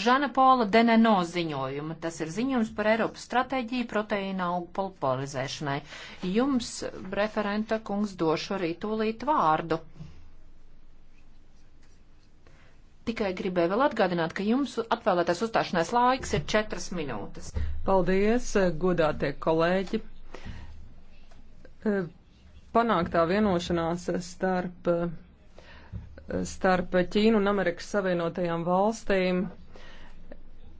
Žana Pola Deneno ziņojuma. Tas ir ziņojums par Eiropas stratēģiju proteīna augu popularizēšanai. Jums, referenta kungs, došu arī tūlīt vārdu. Tikai gribēju vēl atgādināt, ka jums atvēlētais uzstāšanās laiks ir četras minūtes. Paldies, godātie kolēģi. Panāktā vienošanās starp, starp Ķīnu un Amerikas Savienotajām valstīm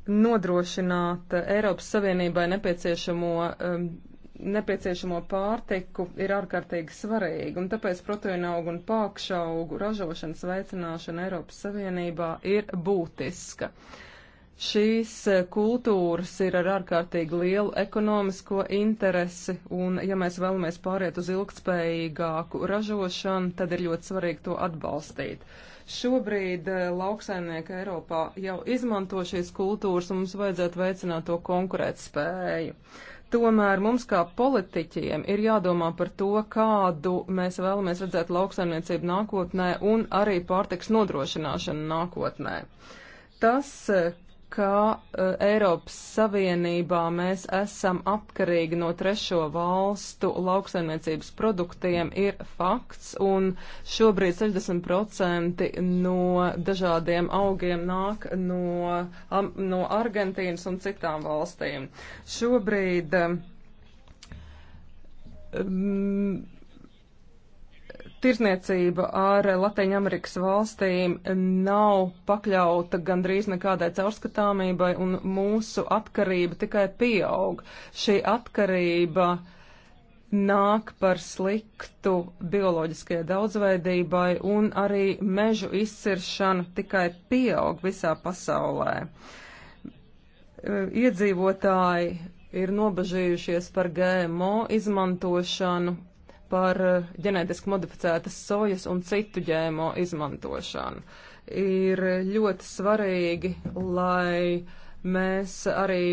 nodrošināt Eiropas Savienībai nepieciešamo, um, nepieciešamo pārtiku ir ārkārtīgi svarīgi, un tāpēc proteīna augu un pākšaugu ražošanas veicināšana Eiropas Savienībā ir būtiska. Šīs eh, kultūras ir ar ārkārtīgi lielu ekonomisko interesi, un ja mēs vēlamies pāriet uz ilgtspējīgāku ražošanu, tad ir ļoti svarīgi to atbalstīt. Uh, Šobrīd eh, lauksaimnieki Eiropā jau izmanto šīs kultūras un mums vajadzētu veicināt to konkurētspēju. Tomēr mums kā politiķiem ir jādomā par to, kādu mēs vēlamies redzēt lauksaimniecību nākotnē un arī pārtiks nodrošināšanu nākotnē. Tas, eh, ka uh, Eiropas Savienībā mēs esam atkarīgi no trešo valstu lauksaimniecības produktiem, ir fakts, un šobrīd 60% no dažādiem augiem nāk no, am, no Argentīnas un citām valstīm. Šobrīd um, tirzniecība ar Latviju Amerikas valstīm nav pakļauta gandrīz nekādai caurskatāmībai, un mūsu atkarība tikai pieaug. Šī atkarība nāk par sliktu bioloģiskajai daudzveidībai, un arī mežu izciršana tikai pieaug visā pasaulē. E, iedzīvotāji ir nobežījušies par GMO izmantošanu, par eh, ģenētiski modificētas sojas un citu ģēmo izmantošanu. Ir ļoti svarīgi, lai mēs arī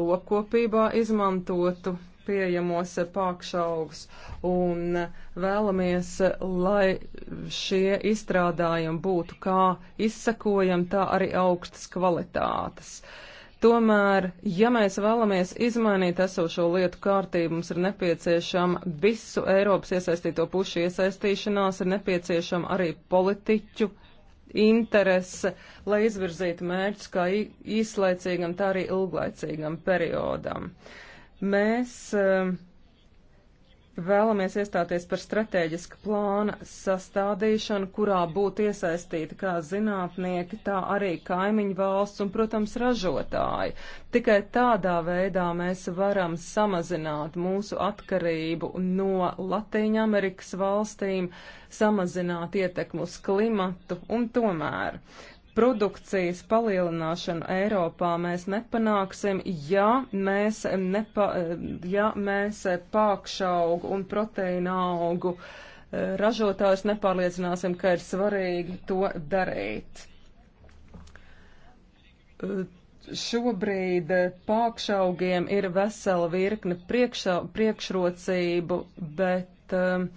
lokopībā izmantotu pieejamos pākšaugus un vēlamies, lai šie izstrādājumi būtu kā izsakojami, tā arī augstas kvalitātes. Uh, Tomēr, ja mēs vēlamies izmainīt esošo lietu kārtību, mums ir nepieciešama visu Eiropas iesaistīto pušu iesaistīšanās, ir nepieciešama arī politiķu interese, lai izvirzītu mērķus kā īslaicīgam, tā arī ilglaicīgam periodam. Mēs uh, Vēlamies iestāties par strateģiska plāna sastādīšanu, kurā būtu iesaistīti kā zinātnieki, tā arī kaimiņu valsts un, protams, ražotāji. Tikai tādā veidā mēs varam samazināt mūsu atkarību no Latīņamerikas valstīm, samazināt ietekmu uz klimatu un tomēr produkcijas palielināšanu Eiropā mēs nepanāksim, ja mēs, nepa, ja mēs pākšaugu un proteīna augu eh, ražotājus nepārliecināsim, ka ir svarīgi to darīt. Eh, šobrīd pākšaugiem ir vesela virkne priekšrocību, bet uh,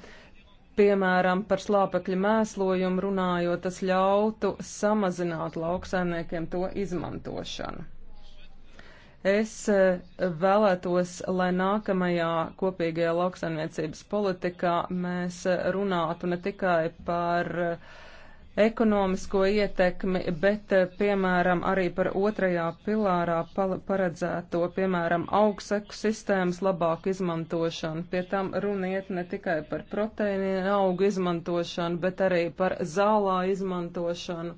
Piemēram, par slāpekļa mēslojumu runājot, tas ļautu samazināt lauksaimniekiem to izmantošanu. Es e, vēlētos, lai nākamajā kopīgajā lauksaimniecības politikā mēs e, runātu ne tikai par uh, ekonomisko ietekmi, bet, eh, piemēram, arī par otrajā pilārā paredzēto, piemēram, augseku sistēmas labāku izmantošanu. Pie tam runiet ne tikai par proteīnu augu izmantošanu, bet arī par zālā izmantošanu.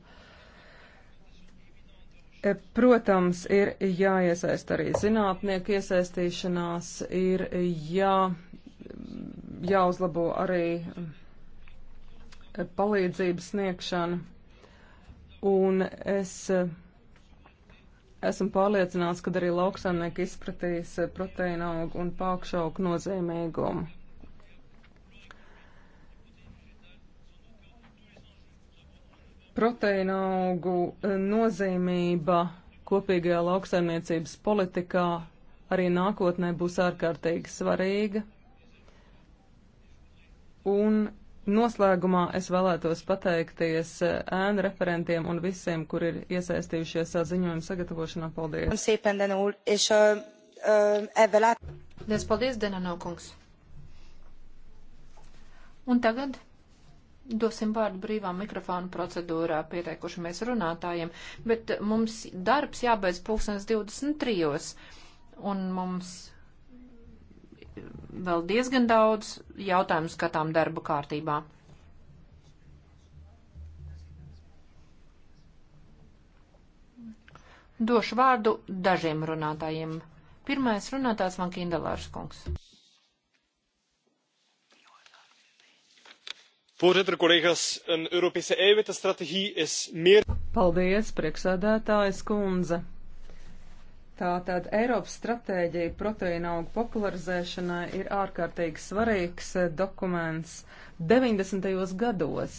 E, protams, ir jāiesaist arī zinātnieku iesaistīšanās, ir jā, jāuzlabo arī palīdzības sniegšanu. Un es eh, esmu pārliecināts, ka arī lauksaimnieki izpratīs eh, proteīna augu un pākšauku nozīmīgumu. Proteīna augu eh, nozīmība kopīgajā lauksaimniecības politikā arī nākotnē būs ārkārtīgi svarīga. Un Noslēgumā es vēlētos pateikties eh, ēnu referentiem un visiem, kur ir iesaistījušies ziņojuma sagatavošanā. Paldies! Lies paldies, Denano kungs! Un tagad dosim vārdu brīvā mikrofonu procedūrā pieteikušamies runātājiem, bet mums darbs jābeidz pulkstens 23. un mums vēl diezgan daudz jautājumu skatām darba kārtībā. Došu vārdu dažiem runātājiem. Pirmais runātājs man Kindelārs kungs. Voorzitter, collega's, een Europese eiwittenstrategie is meer. Paldies, priekšsēdētājas kundze. Tātad Eiropas stratēģija proteīna augu popularizēšanai ir ārkārtīgi svarīgs eh, dokuments. 90. gados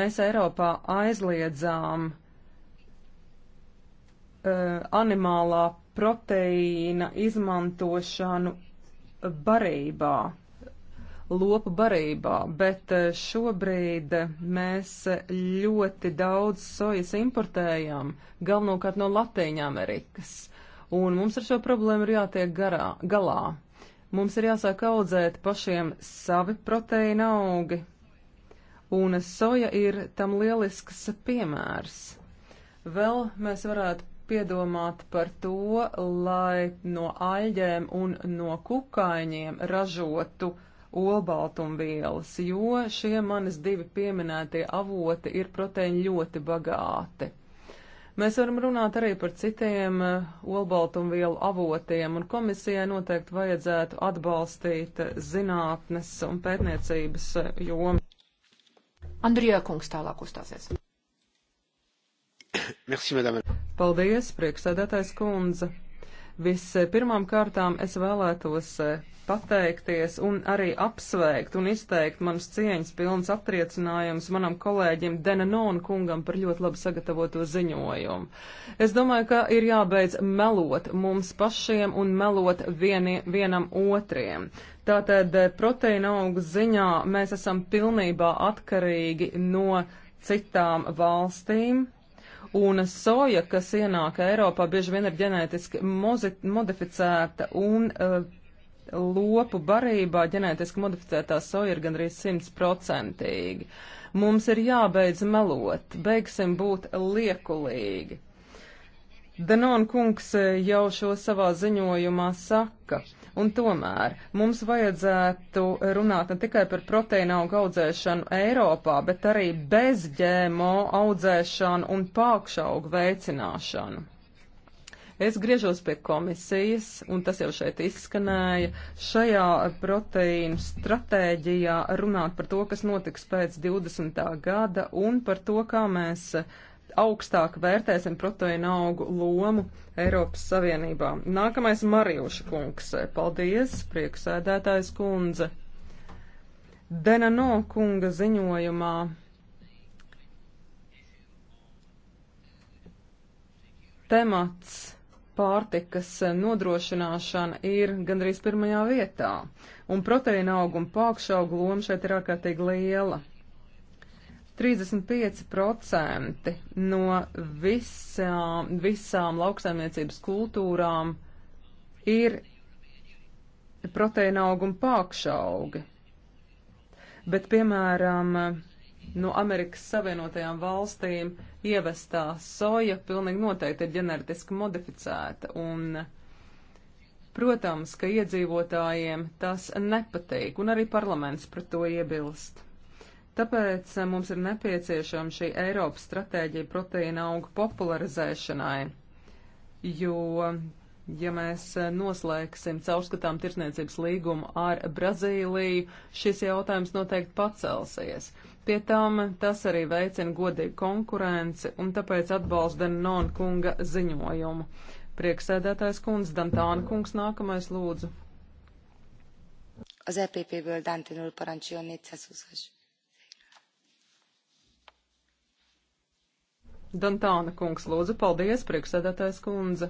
mēs Eiropā aizliedzām uh, animālā proteīna izmantošanu barībā, lopu barībā, bet eh, šobrīd mēs ļoti daudz sojas importējam, galvenokārt no Latīņa Amerikas un mums ar šo problēmu ir jātiek garā, galā. Mums ir jāsāk audzēt pašiem savi proteīna augi, un soja ir tam lielisks piemērs. Vēl mēs varētu piedomāt par to, lai no aļģēm un no kukaiņiem ražotu olbaltumvielas, jo šie manis divi pieminētie avoti ir proteīni ļoti bagāti. Mēs varam runāt arī par citiem eh, olbaltumvielu avotiem, un komisijai noteikti vajadzētu atbalstīt eh, zinātnes un pētniecības eh, jomu. Andrijā kungs tālāk uzstāsies. Merci, madame. Paldies, priekšsēdētājs kundze. Vispirmām kārtām es vēlētos eh, pateikties un arī apsveikt un izteikt manus cieņas pilns aptriecinājumus manam kolēģim Denanonu kungam par ļoti labi sagatavoto ziņojumu. Es domāju, ka ir jābeidz melot mums pašiem un melot vieni, vienam otriem. Tātad eh, proteīna augu ziņā mēs esam pilnībā atkarīgi no citām valstīm, Un soja, kas ienāk Eiropā, bieži vien ir ģenētiski modificēta un uh, lopu barībā ģenētiski modificētā soja ir gandrīz simtprocentīgi. Mums ir jābeidz melot, beigsim būt liekulīgi. Denon kungs eh, jau šo savā ziņojumā saka, un tomēr mums vajadzētu runāt ne tikai par proteīna auga audzēšanu Eiropā, bet arī bez ģēmo audzēšanu un pākšaugu veicināšanu. Es griežos pie komisijas, un tas jau šeit izskanēja, šajā proteīnu stratēģijā runāt par to, kas notiks pēc 20. gada un par to, kā mēs augstāk vērtēsim proteīna augu lomu Eiropas Savienībā. Nākamais Marijuša kungs. Paldies, prieksēdētājs kundze. Denano kunga ziņojumā. Temats pārtikas nodrošināšana ir gandrīz pirmajā vietā, un proteīna auguma pākšaugu loma šeit ir ārkārtīgi liela. 35% no visām, visām lauksaimniecības kultūrām ir proteīna auga un pākšaugi. Bet, piemēram, no Amerikas Savienotajām valstīm ievestā soja pilnīgi noteikti ir ģenetiski modificēta. Un, protams, ka iedzīvotājiem tas nepatīk, un arī parlaments pret to iebilst. Tāpēc eh, mums ir nepieciešama šī Eiropas stratēģija proteīna augu popularizēšanai, jo, ja mēs eh, noslēgsim caurskatām tirsniecības līgumu ar Brazīliju, šis jautājums noteikti pacelsies. Pie tam tas arī veicina godīgu konkurenci un tāpēc atbalsta Denon kunga ziņojumu. Prieksēdētājs kundze, Dantāna kungs, nākamais lūdzu. Az EPP-ből Dantinul parancsoljon 420-as. Dantāna kungs, lūdzu, paldies, priekšsēdētājs kundze.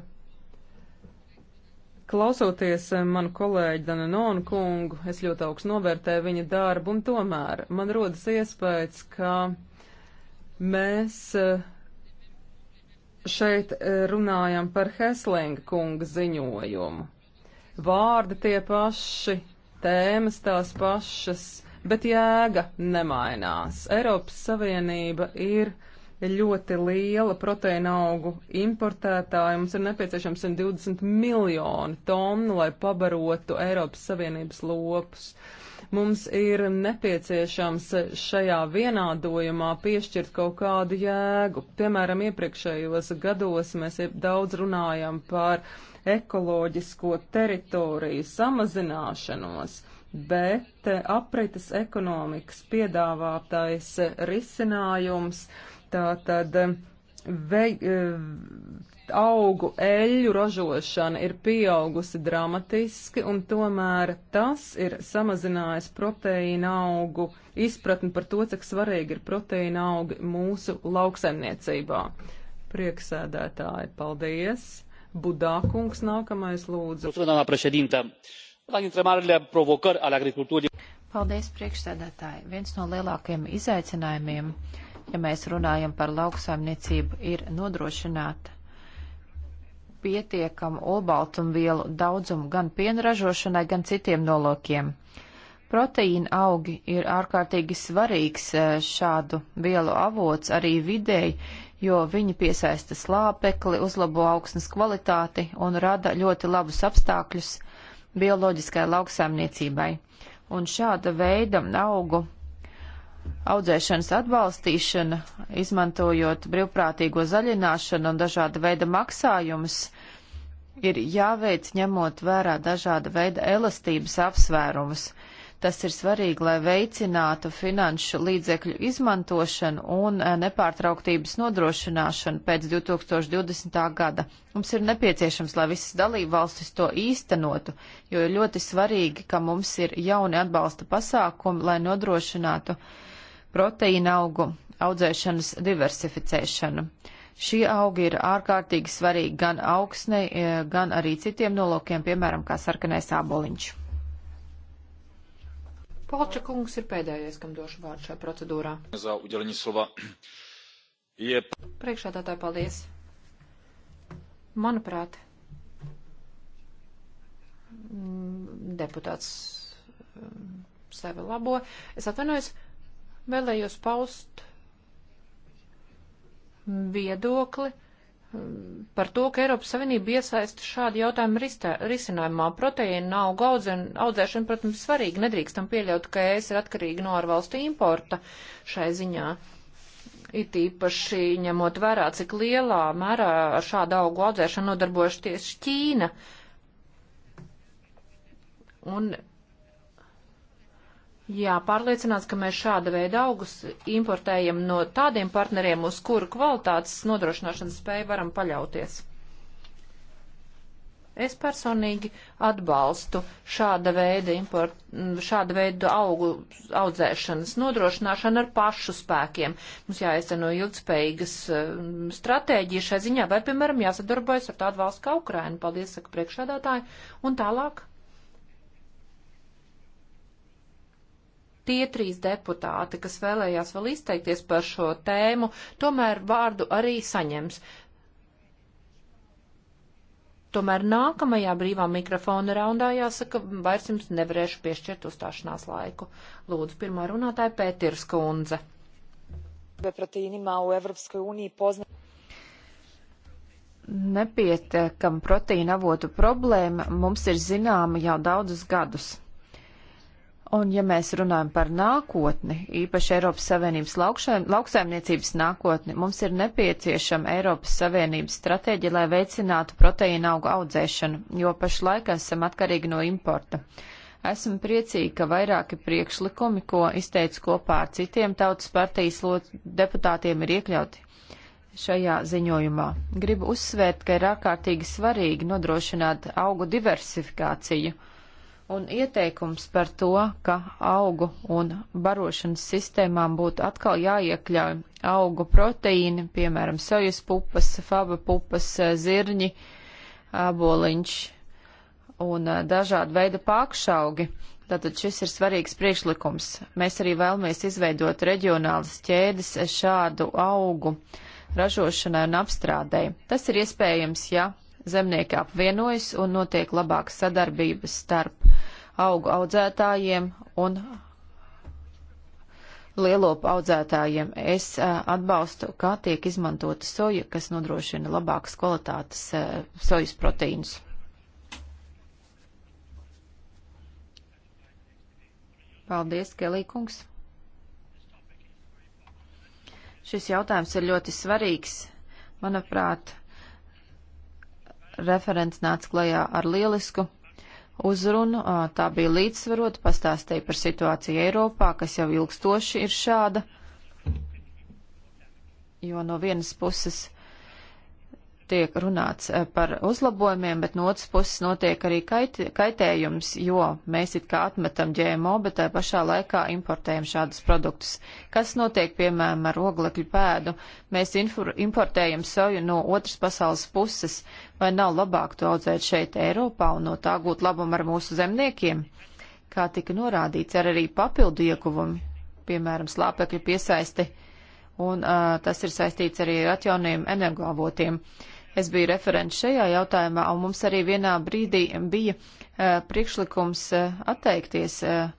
Klausoties eh, manu kolēģi Dananonu kungu, es ļoti augstu novērtēju viņa darbu, un tomēr man rodas iespējas, ka mēs eh, šeit eh, runājam par Heslinga kunga ziņojumu. Vārdi tie paši, tēmas tās pašas, bet jēga nemainās. Eiropas Savienība ir ļoti liela proteīna augu importētāja. Mums ir nepieciešams 120 miljoni tonu, lai pabarotu Eiropas Savienības lopus. Mums ir nepieciešams šajā vienādojumā piešķirt kaut kādu jēgu. Piemēram, iepriekšējos gados mēs daudz runājam par ekoloģisko teritoriju samazināšanos bet aprites ekonomikas piedāvātais risinājums uh, Tātad um, vei, um, augu eļļu ražošana ir pieaugusi dramatiski, un tomēr tas ir samazinājis proteīna augu izpratni par to, cik svarīgi ir proteīna augi mūsu lauksaimniecībā. Prieksēdētāji, paldies! Budākungs nākamais lūdzu. Paldies, priekšsēdētāji. Viens no lielākajiem izaicinājumiem ja mēs runājam par lauksaimniecību, ir nodrošināt pietiekamu olbaltumvielu daudzumu gan pienražošanai, gan citiem nolokiem. Proteīna augi ir ārkārtīgi svarīgs e, šādu vielu avots arī videi, jo viņi piesaista slāpekli, uzlabo augsnes kvalitāti un rada ļoti labus apstākļus bioloģiskai lauksaimniecībai. Un šāda veida augu audzēšanas atbalstīšana, izmantojot brīvprātīgo zaļināšanu un dažāda veida maksājumus, ir jāveic ņemot vērā dažāda veida elastības apsvērumus. Tas ir svarīgi, lai veicinātu finanšu līdzekļu izmantošanu un eh, nepārtrauktības nodrošināšanu pēc 2020. gada. Mums ir nepieciešams, lai visas dalībvalstis to īstenotu, jo ir ļoti svarīgi, ka mums ir jauni atbalsta pasākumi, lai nodrošinātu uh, proteīna augu audzēšanas diversificēšanu. Šie augi ir ārkārtīgi svarīgi gan augsnei, gan arī citiem nolūkiem, piemēram, kā sarkanais āboliņš. Polča kungs ir pēdējais, kam došu vārdu šajā procedūrā. Priekšādātāji, paldies. Manuprāt, mm, deputāts mm, sevi labo. Es atvainojos, vēlējos paust viedokli mm, par to, ka Eiropas Savienība iesaista šādu jautājumu risinājumā. Proteīna auga audzēšana, protams, svarīga. Nedrīkstam pieļaut, ka es ir atkarīgi no ārvalstu importa šai ziņā. It īpaši ņemot vērā, cik lielā mērā ar šādu augu audzēšanu nodarbojas tieši Ķīna. Un Jā, pārliecināts, ka mēs šāda veida augus importējam no tādiem partneriem, uz kuru kvalitātes nodrošināšanas spēju varam paļauties. Es personīgi atbalstu šāda veida, import, šāda veida augu audzēšanas nodrošināšanu ar pašu spēkiem. Mums jāizceno ilgspējīgas um, stratēģija šai ziņā, vai, piemēram, jāsadarbojas ar tādu valstu kā Ukraina. Paldies, saka priekšādātāji. Un tālāk tie trīs deputāti, kas vēlējās vēl izteikties par šo tēmu, tomēr vārdu arī saņems. Tomēr nākamajā brīvā mikrofona raundā jāsaka, vairs jums nevarēšu piešķirt uzstāšanās laiku. Lūdzu, pirmā runātāja Pētirs Kundze. Nepietiekam proteīna avotu problēma mums ir zināma jau daudzus gadus. Un ja mēs runājam par nākotni, īpaši Eiropas Savienības lauksaimniecības nākotni, mums ir nepieciešama Eiropas Savienības stratēģija, lai veicinātu proteīna augu audzēšanu, jo pašlaik esam atkarīgi no importa. Esmu priecīgi, ka vairāki priekšlikumi, ko izteicu kopā ar citiem tautas partijas deputātiem, ir iekļauti šajā ziņojumā. Gribu uzsvērt, ka ir ārkārtīgi svarīgi nodrošināt augu diversifikāciju un ieteikums par to, ka augu un barošanas sistēmām būtu atkal jāiekļauj augu proteīni, piemēram, sojas pupas, faba pupas, zirņi, aboliņš un eh, dažādi veidi pakšaugi. Tātad šis ir svarīgs priekšlikums. Mēs arī vēlamies izveidot reģionālas ķēdes šādu augu ražošanai un apstrādēji. Tas ir iespējams, ja zemnieki apvienojas un notiek labāka sadarbības starp augu audzētājiem un lielopu audzētājiem. Es atbalstu, kā tiek izmantota soja, kas nodrošina labākas kvalitātes sojas proteīnus. Paldies, Kelīkungs. Šis jautājums ir ļoti svarīgs. Manuprāt, referents nāca klajā ar lielisku uzrunu. Tā bija līdzsvarota, pastāstīja par situāciju Eiropā, kas jau ilgstoši ir šāda. Jo no vienas puses tiek runāts eh, par uzlabojumiem, bet no otras puses notiek arī kait, kaitējums, jo mēs it kā atmetam GMO, bet tā pašā laikā importējam šādus produktus. Kas notiek, piemēram, ar oglekļu pēdu? Mēs infor, importējam soju no otras pasaules puses, vai nav labāk to audzēt šeit Eiropā un no tā gūt labumu ar mūsu zemniekiem? Kā tika norādīts, ar arī papildu ieguvumi, piemēram, slāpekļu piesaisti, un uh, tas ir saistīts arī ar atjauniem energoavotiem. Uh, Es biju referents šajā jautājumā, un mums arī vienā brīdī bija uh, priekšlikums uh, atteikties uh,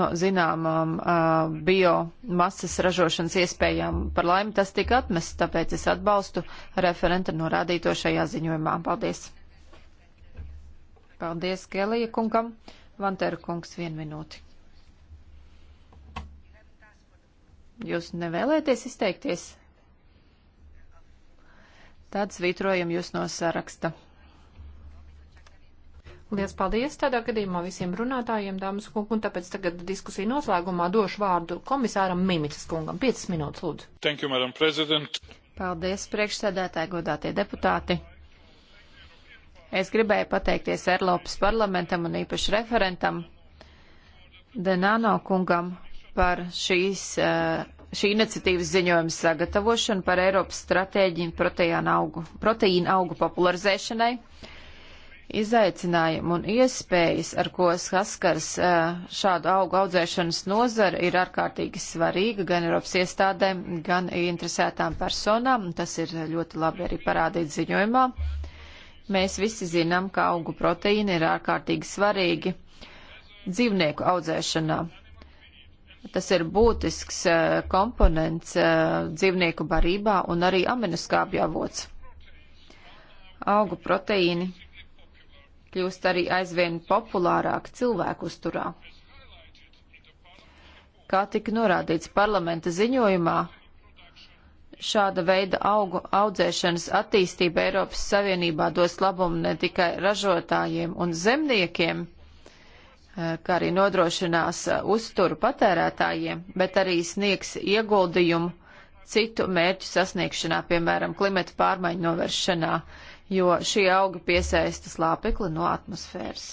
no zināmām uh, biomasas ražošanas iespējām. Par laimi tas tika atmests, tāpēc es atbalstu referenta norādīto šajā ziņojumā. Paldies! Paldies Kelija kungam. Vantera kungs, vien minūti. Jūs nevēlēties izteikties? Tad svītrojam jūs no saraksta. Lielas paldies tādā gadījumā visiem runātājiem, dāmas un kungi, un tāpēc tagad diskusiju noslēgumā došu vārdu komisāram Mimicas kungam. 5 minūtes, lūdzu. Thank you, Madam President. Paldies, priekšsēdētāji, godātie deputāti. Es gribēju pateikties Eiropas parlamentam un īpaši referentam Denāno kungam par šīs uh, šī iniciatīvas ziņojuma sagatavošanu par Eiropas stratēģiju proteīna augu, proteīna augu popularizēšanai, izaicinājumu un iespējas, ar ko saskars šādu augu audzēšanas nozara, ir ārkārtīgi svarīga gan Eiropas iestādēm, gan interesētām personām, un tas ir ļoti labi arī parādīts ziņojumā. Mēs visi zinām, ka augu proteīni ir ārkārtīgi svarīgi dzīvnieku audzēšanā Tas ir būtisks eh, komponents eh, dzīvnieku barībā un arī aminoskābju avots. Augu proteīni kļūst arī aizvien populārāk cilvēku uzturā. Kā tika norādīts parlamenta ziņojumā, šāda veida augu audzēšanas attīstība Eiropas Savienībā dos labumu ne tikai ražotājiem un zemniekiem, Eh, kā arī nodrošinās eh, uzturu patērētājiem, bet arī sniegs ieguldījumu citu mērķu sasniegšanā, piemēram, klimata pārmaiņu novēršanā, jo šie augi piesaista slāpekli no atmosfēras.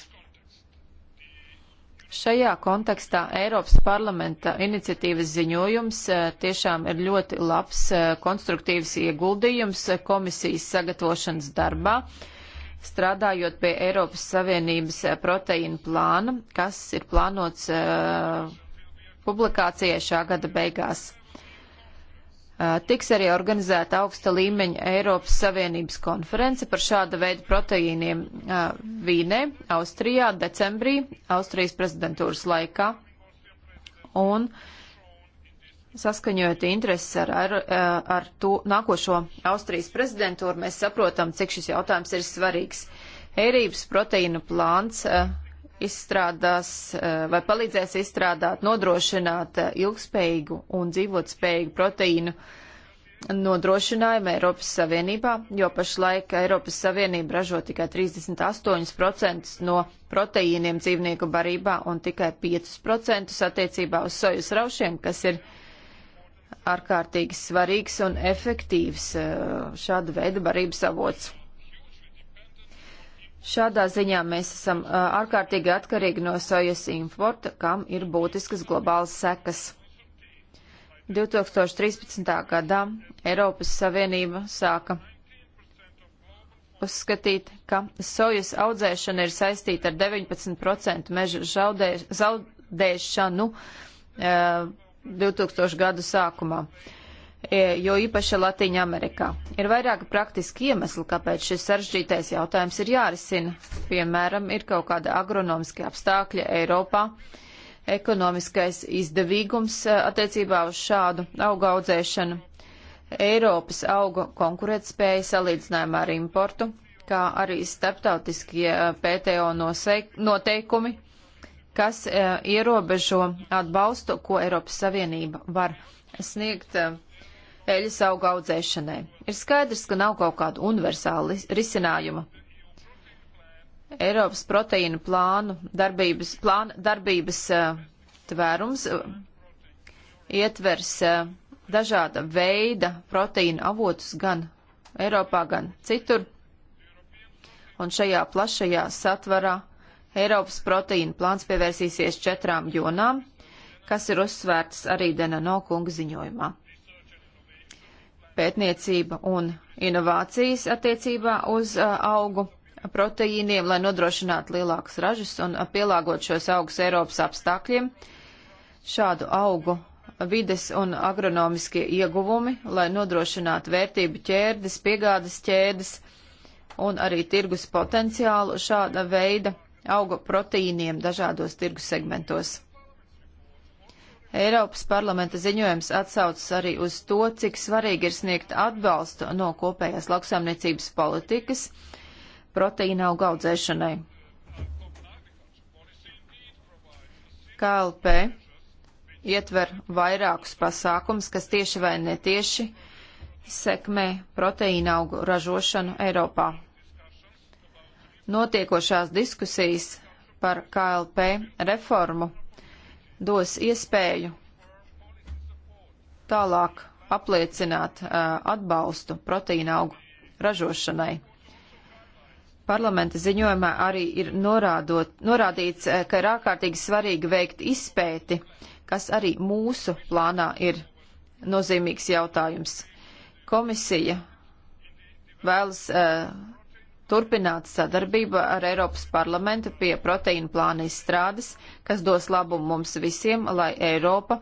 Šajā kontekstā Eiropas parlamenta iniciatīvas ziņojums eh, tiešām ir ļoti labs konstruktīvs ieguldījums komisijas sagatavošanas darbā strādājot pie Eiropas Savienības eh, proteīna plāna, kas ir plānots uh, publikācijai šā gada beigās. Uh, tiks arī organizēta augsta līmeņa Eiropas Savienības konference par šāda veida proteīniem uh, Vīnē, Austrijā, decembrī, Austrijas prezidentūras laikā. Un uh, saskaņojot intereses ar, ar, eh, ar to nākošo Austrijas prezidentūru, mēs saprotam, cik šis jautājums ir svarīgs. Ērības proteīnu plāns eh, izstrādās eh, vai palīdzēs izstrādāt, nodrošināt ilgspējīgu un dzīvotspējīgu proteīnu nodrošinājumu Eiropas Savienībā, jo pašlaik Eiropas Savienība ražo tikai 38% no proteīniem dzīvnieku barībā un tikai 5% attiecībā uz sojas raušiem, kas ir uh, ārkārtīgi svarīgs un efektīvs eh, šāda veida barības avots. Šādā ziņā mēs esam eh, ārkārtīgi atkarīgi no sojas importa, kam ir būtiskas globālas sekas. 2013. gadā Eiropas Savienība sāka uzskatīt, ka sojas audzēšana ir saistīta ar 19% meža zaudēšanu. Uh, 2000 gadu sākumā, e, jo īpaši Latīņa Amerikā. Ir vairāki praktiski iemesli, kāpēc šis saržģītais jautājums ir jārisina. Piemēram, ir kaut kāda agronomiska apstākļa Eiropā, ekonomiskais izdevīgums e, attiecībā uz šādu auga audzēšanu, Eiropas auga konkurētspēja salīdzinājumā ar importu, kā arī starptautiskie e, PTO noteikumi kas eh, ierobežo atbalstu, ko Eiropas Savienība var sniegt eh, eļas auga audzēšanai. Ir skaidrs, ka nav kaut kāda universāla risinājuma. Eiropas proteīna plānu darbības, plāna darbības eh, tvērums ietvers dažāda veida proteīna avotus gan Eiropā, gan citur. Un šajā plašajā satvarā Eiropas proteīna plāns pievērsīsies četrām jonām, kas ir uzsvērts arī Denano kunga ziņojumā. Pētniecība un inovācijas attiecībā uz uh, augu proteīniem, lai nodrošinātu lielākas ražas un pielāgot šos augus Eiropas apstākļiem. Šādu augu vides un agronomiskie ieguvumi, lai nodrošinātu vērtību ķēdes, piegādes ķēdes un arī tirgus potenciālu šāda veida augu proteīniem dažādos tirgus segmentos. Eiropas parlamenta ziņojums atsaucas arī uz to, cik svarīgi ir sniegt atbalstu no kopējās lauksaimniecības politikas proteīna auga audzēšanai. KLP ietver vairākus pasākums, kas tieši vai netieši sekmē proteīna augu ražošanu Eiropā notiekošās diskusijas par KLP reformu dos iespēju tālāk apliecināt uh, atbalstu proteīna augu ražošanai. Parlamenta ziņojumā arī ir norādot, norādīts, ka ir ārkārtīgi svarīgi veikt izpēti, kas arī mūsu plānā ir nozīmīgs jautājums. Komisija vēlas uh, turpināt sadarbību ar Eiropas parlamentu pie proteīna plāna izstrādes, kas dos labumu mums visiem, lai Eiropa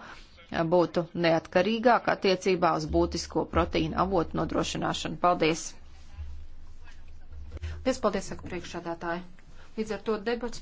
būtu neatkarīgāk attiecībā uz būtisko proteīna avotu nodrošināšanu. Paldies! Lies paldies, saka priekšādātāji. Līdz ar to debats.